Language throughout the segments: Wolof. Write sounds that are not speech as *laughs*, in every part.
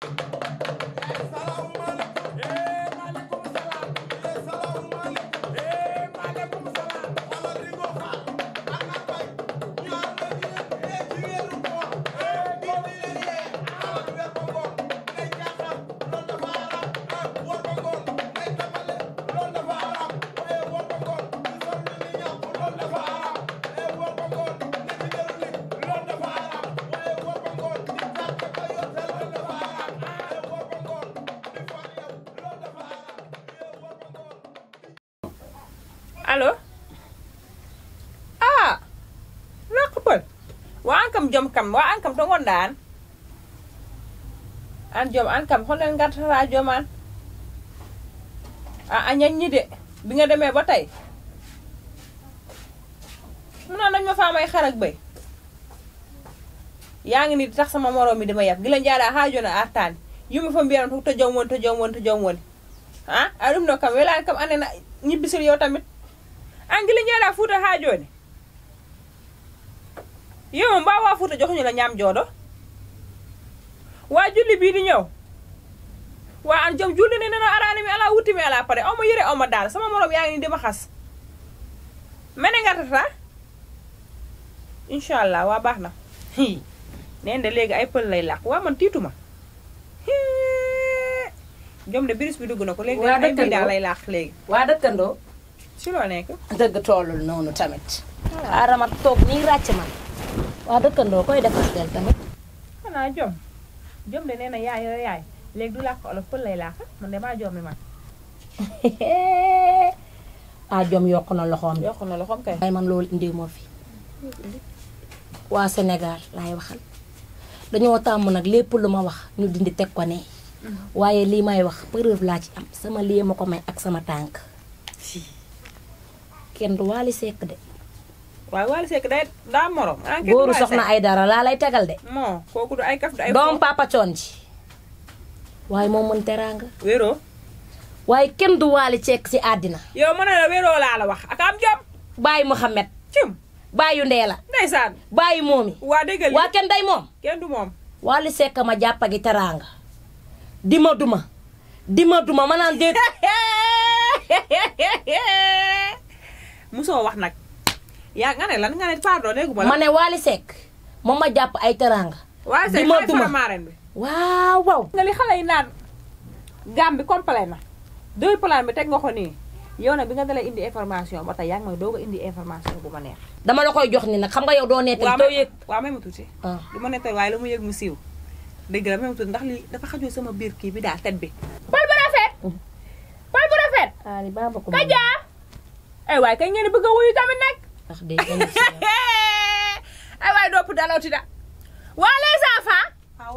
Thank you wa an kam jom kam wa an kam to gonɗa an an jom an kam hollen gartata jom an a a de bi nga demee ba tay mu nañu fa may xar ak bay Ya ngi ni tax sama moroom mi dama yab gila njaaɗa ha jona artan yumi fa mbiyan to jom won to jom won to jom won ha arum no kam wala kam anena ñibisul yow tamit an gila futa ha haa yow moom baa waa Fuuta joxuñu la ñaam joodo waa julli bii di ñëw waa an jom julli ne nena araani mi ala wutti mi ala pare aw yëre aw daal sama morom yaa ngi ni di ma xas mene nga tata waa baax na neen de léegi ay pël lay làq waa man tiitu ma jom de biris bi dugg na ko léegi ay bi daal lay làq léegi waa dëkkandoo ci loo nekk dëgg toolul noonu tamit arama toog nii ràcc man waa dëkkandoo koy defanteel tamit. xanaa jom jom de nee yaay yooyu yaay léegi du làkk olof pël lay làkk man de maa jommi man. ah jom yokk na loxoom. yokk na man loolu indi moo fi waa Sénégal laay waxal dañoo tàmm nag lépp lu ma wax ñu dindi teg ko ne. waaye lii may wax preuve laa ci am sama lii ma ko may ak sama tànk. kenn du waali sekk de. waaye Wally Seck day daa morom. Ah, góoru soxna ay dara laa lay tegal de. kooku du doom papa coon ji. waaye moom mën teraanga. wéeroo. waaye kenn du Wally Seck si àddina. yow mën na la wéeroo laa wax ak am jom. bàyyi Mouhamed. cim bàyyi Ndéla. ndeysaan bàyyi moomi. waa kenn day moom. kenn du moom. Wally Seck ma jàppagi teraanga. dima duma. dima duma ma naan déet. *laughs* musoo wax nag. ya nga ne lan nga ne pardon dégguma la ma wali sek Seck moom ma jàpp ay teraanga. Waly Seck mooy faramaaren bi waaw waaw. nga li xalé yi gambi complet na deux plan bi tek nga xoni yow nag bi nga dalee indi information ba tey yaa ngi may indi information bu ma neex. dama la koy jox ni nak xam nga yow doo nettali doo yëg waaw même tuti du ma nettali waaye lu mu yek mu siw deug la même tuti ndax li dafa xajjo e sama bir ki bi daal tet bi. pal bu rafet. Mm. pal bu rafet. ali baba ko Kaja. ay eh, way kay ngeen beug wuyu tamit nag. ndax day gën *laughs* a ay waay dopp da waa les enfants. ah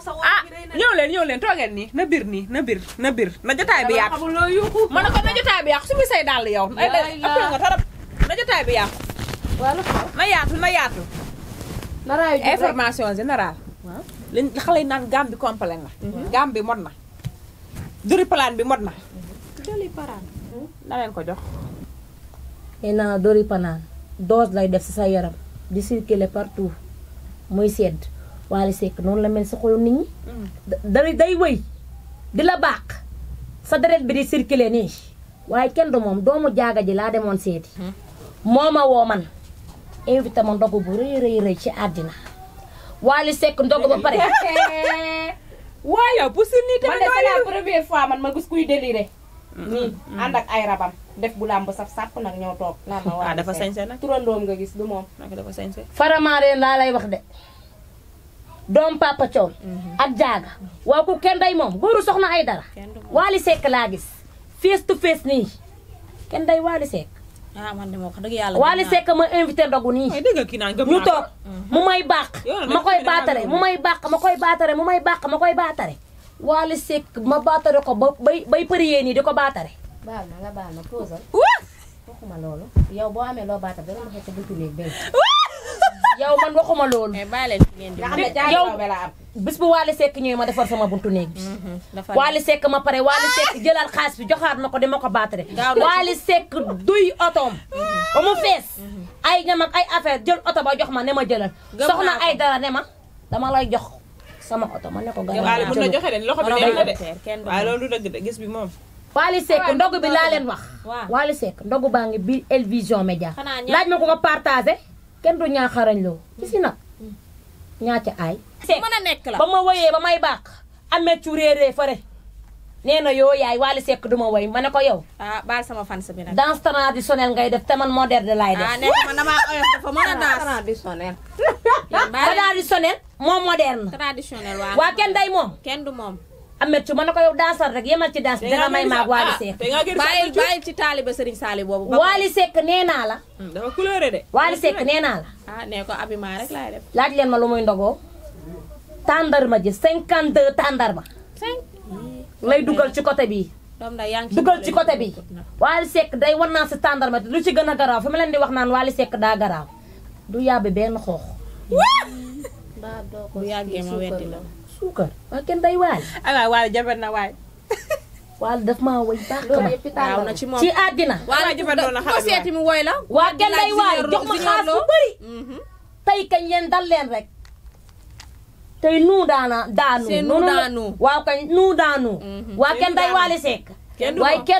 sa ah, na. ñëw leen ñëw leen toogeen nii na bir nii na bir na bir na jotaay bi yàqu. ma ne ko na jotaay bi yàqu su muy yow. ay nga na yaatu na yaatu. information générale. waaw li xale yi naan gam bi complet na. gam mhm. bi mot na. duri palaan bi mot na. duri palaan. ko jox. nee naa doripanaan doos lay def si sa yaram di circuler partout muy sedd Wally Seck noonu la mel si xolu nit ñi. Mm. day day wëy di la baax sa deret bi di circuler nii waaye kenn moom doomu jaaga ji laa demoon seeti. Mm. moo ma woo man invité ma ndogu bu rëy rëy rëy ci àddina Wally sekk ndogu ba pare. *laughs* waaye bu fois man ma gis kuy déliré. nii ànd ak ay rabam def bu làmb saf sàpp nag ñoo toog naan ah, ma waa dafa sañse nag turandoom nga gis du moom dafa sañse faramaareen laa lay wax de doom papa Thion mhm. ak jaaga waaw ku kenn day moom góoru soxna ay dara waali sekk laa gis face to face nii kenn day waali sekk ah man de ma dëgg yàlla. Wally Seck ma invité ndogu nii. ñu toog mhm. mu may baax. ma koy baatare mu may baax ma koy baatare mu may baax ma koy baatare. Wally Seck ma baatare ko ba bay bay përiyee nii di ko baatare. baal ma nga baal ma posal. waxuma loolu. yow boo amee loo baatare dama waxee sa bëtu néeg benn. *laughs* yow man waxuma loolu. mais eh, bàyyi leen nga xam ne jaay la am bis bu Wally Seck ñëwee ma defar sama buntu néeg bi. Mhm, dafa Wally Seck ma pare Wally Seck jëlal xaas bi joxaat na ko dama ko baatare. gaaw Wally Seck duy otoom. Mhm. ba mu fees. Mhm. ay ñam ak ay affaire jël oto ba jox ma ne ma jëlal. soxna ay dara ne ma dama lay jox. sama oto ma ne ko. gannaaw mën na joxe de loxo bi dee na de waaw loolu gis bi moom. Wally Seck ndogu bi laa leen wax. waaw Wally Seck ndogu baa ngi biir El Vision Média. laaj ma ko ma partagé kenn du ñaaxarañ loo. Mm. gis nag mm. ñaa ca aay. nekk la ba ma woyee ba may baax. amee cu réeré fëre. nee na yoo yaay Wally Seck du ma woy ma ne ko yow. ah baal sama fans bi nag. danse ngay def te man moderne lay def. Ah, man a ah, danse traditionnelle. traditionnel moom moderne. traditionnel waaw waaw kenn day moom. kenn du moom. amet ci mën na ko yow dansal rek yemal ci danse may maag Waly Seck bàyyil bàyyil ci taaliba Serigne Sali boobu Waly nee naa la hmm, dafa couleur de naa ah, nee ko abima rek laaj leen ma lu muy ndogoo tàndarma ji cinquante deux tàndarma lay dugal ci côté bii dugal ci côté bii Waly Seck day war naa si tàndarma te lu ci gën a garaaw fi ma leen di wax naan Waly Seck daa garaaw du yàbbi benn xoox bu yàggee ma weddi waa kenn day waal. aywa waal jafe na waay. waal daf maa woy baax ka ma ci moom ci àddina. waal jafe doon na xale bi seeti mu woy la. waa kenn day waal jox ma xaalis bu bëri. Mhm. tey kañ leen dal leen rek. tey nuu daana daanu. seen kañ nuu daanu. Mhm. waa kenn day waali seek. kenn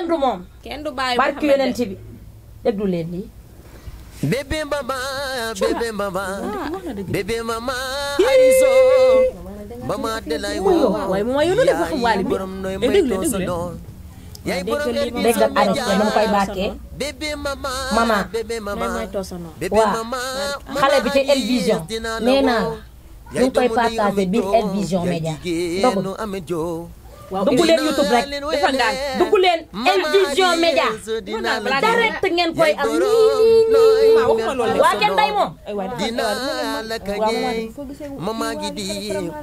du moom waaye kenn du moom. du leen nii. bébé mama bébé mama a mama Alizo mama Adelaide waaye moom yow loolu dafa waali bi eh déglu déglu yaay borom ngeen di dégg ak Adama mu xale bi ci El Vision nee naa la ñu ngi koy partagé biir El Vision Média dugg leen YouTube rek dafa ndànk dugg leen El Vision Média direct ngeen koy am nii nii nii waa kenn day moom dinaa la kañee maman gi di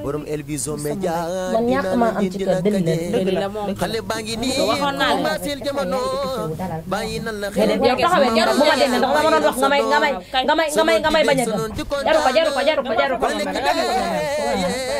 borom El Vision Média man ñàkk maa am ci kër dëgg la xale baa ngi nii commencé jamono bàyyi nan la xel yow taxawee jarul bu ma demee ndax dama doon wax nga may nga may nga may nga may bañ a jaru ko jaru ko jaru ko jaru ko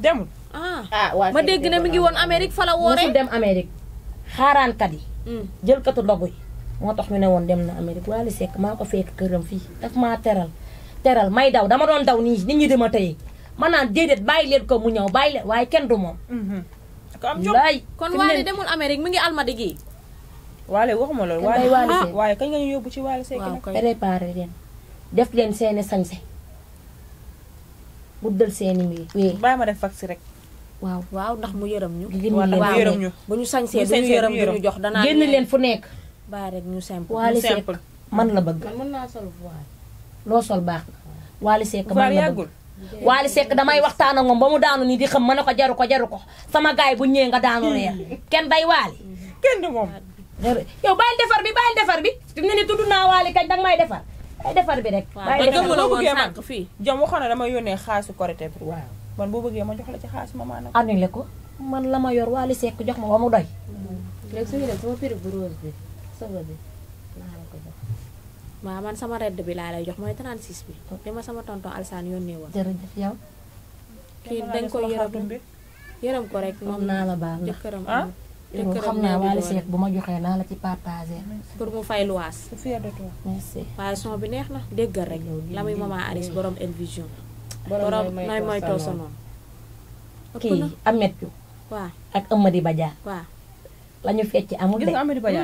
demul. ah, ah waaw ma dégg na mi ngi woon Amérique fa la wooree. mosul dem Amérique xaaraankat yi. Hmm. jëlkatu dogu yi moo tax ñu ne woon dem na Amérique Wally Seck maa ko fekk këram fii daf maa teral teral may daw dama doon daw nii nit ñi di ma tëye ma naan déedéet bàyyi leen ko mu ñëw bàyyi leen waaye kenn du moom. Mhm. laay kon Wally demul Amérique mi ngi Almadies gii. Wally waxuma loolu. waaye ah, kañ nga ñu yóbbu ci Wally Seck. préparé leen def leen seeni sañse guddal seen i mbir. oui bàyyi ma def vaccin rek. waaw waaw ndax mu yërëm ñu. wala mu yërëm ñu bu ñu sañsee du ñu yërëm du ñu danaa génn leen fu nekk. baa rek ñu simple ñu simple man la bëgg. man mën naa sol voile. loo sol baax na. Wally Seck man la bëgg Wally damay waxtaan ak moom ba mu daanu ni di xam ma ne ko jaru ko jaru ko sama gaay bu ñëwee nga daanu reer kenn day Wally. kenn du moom. yow bàyyil defar bi bàyyil defar bi fi mu ne nii tudd naa Wally kañ danga may defar. day defar bi rek. waaw man gëmuloo woon sànq fii jom waxoon na dama yónnee xaalisu korité bi. man boo bëggee ma jox la ci xaalis ma maanaam. annulé ko man la ma yor waali sekk jox ma ba mu doy. léegi bu rose bi sogo man sama redd bi laa lay jox mooy 36 bi. li ma sama tonton Alsaan yónnee woon. jërëjëf yow. kii dañ ko yërëm yërëm ko rek. moom naa la baax la jëkkëram ah? yow xam naa Wally Seck bu ma joxee naa la ci partagé. pour mu fay luwaas. na déggal rek la muy maman Aris borom El Vision. borom nooy mooy taw sa noonu. kii Ameth Thiou. waaw ak Amady Badja. waaw la ñu fecc amul de. gis nga Amady Badja.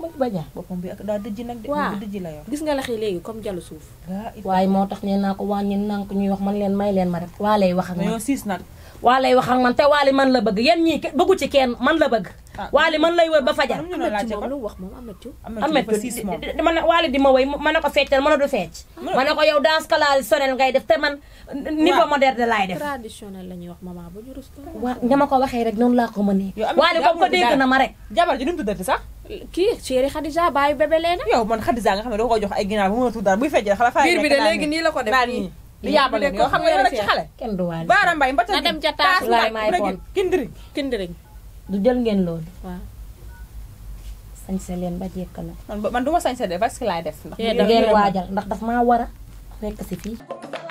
Amady Badja. boppam bi ak daa dëjji nag de. waaw dëjji la yow. gis nga laxi léegi comme jalu suuf. waaye moo tax ko nank ñuy wax man waale wax ak man te waale man la bëgg yéen ñii bëggu ci kenn man la bëgg. Ah. waali man lay woy ba fajar. amet ci man waali di ma woy ma ne ko feccal ma ne du fecc. ma ne ko yow danse traditionnelle ngay def te man. niveau moderne laay def. traditionnel ñuy wax maman ma ko waxee rek noonu laa ko mënee. waali comme ko dégg na ma rek. jabar ko jox ay li yaabale ko xam nga dara ci xale. kenn du waale baara mbay mbata na dem ca taas laay may pon kindiriñ kindiriñ du jël ngeen loolu. waaw. sañse leen ba jekk na. man man du ma sañse de parce que laay def. ndax ngeen ndax daf maa war a si fii.